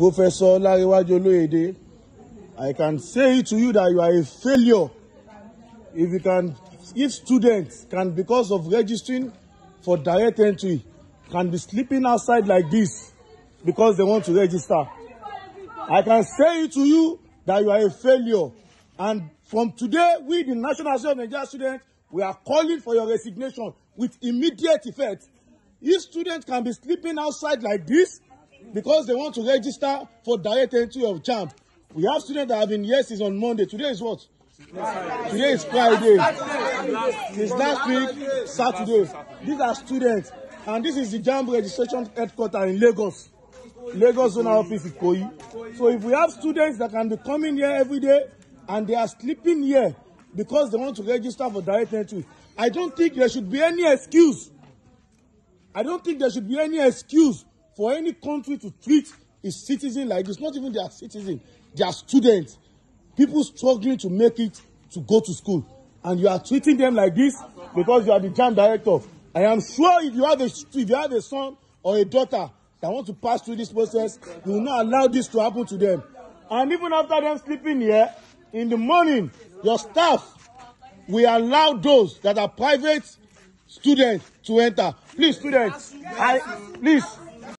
Professor Lariwaju Oloyede, I can say to you that you are a failure if you can, if students can, because of registering for direct entry, can be sleeping outside like this because they want to register. I can say to you that you are a failure. And from today, we, the National Association of Nigerian Students, we are calling for your resignation with immediate effect. If students can be sleeping outside like this, because they want to register for direct entry of JAMB. We have students that have been here since on Monday. Today is what? Friday. Today is Friday. It's last week, Saturday. These are students. And this is the JAMB registration headquarters in Lagos. Lagos zonal office is Koyi. So if we have students that can be coming here every day and they are sleeping here because they want to register for direct entry, I don't think there should be any excuse. I don't think there should be any excuse for any country to treat its citizen like this, not even their citizen, their students, people struggling to make it to go to school. And you are treating them like this because you are the jam director. I am sure if you have a, if you have a son or a daughter that want to pass through this process, you will not allow this to happen to them. And even after them sleeping here, in the morning, your staff will allow those that are private students to enter. Please, students, I, please,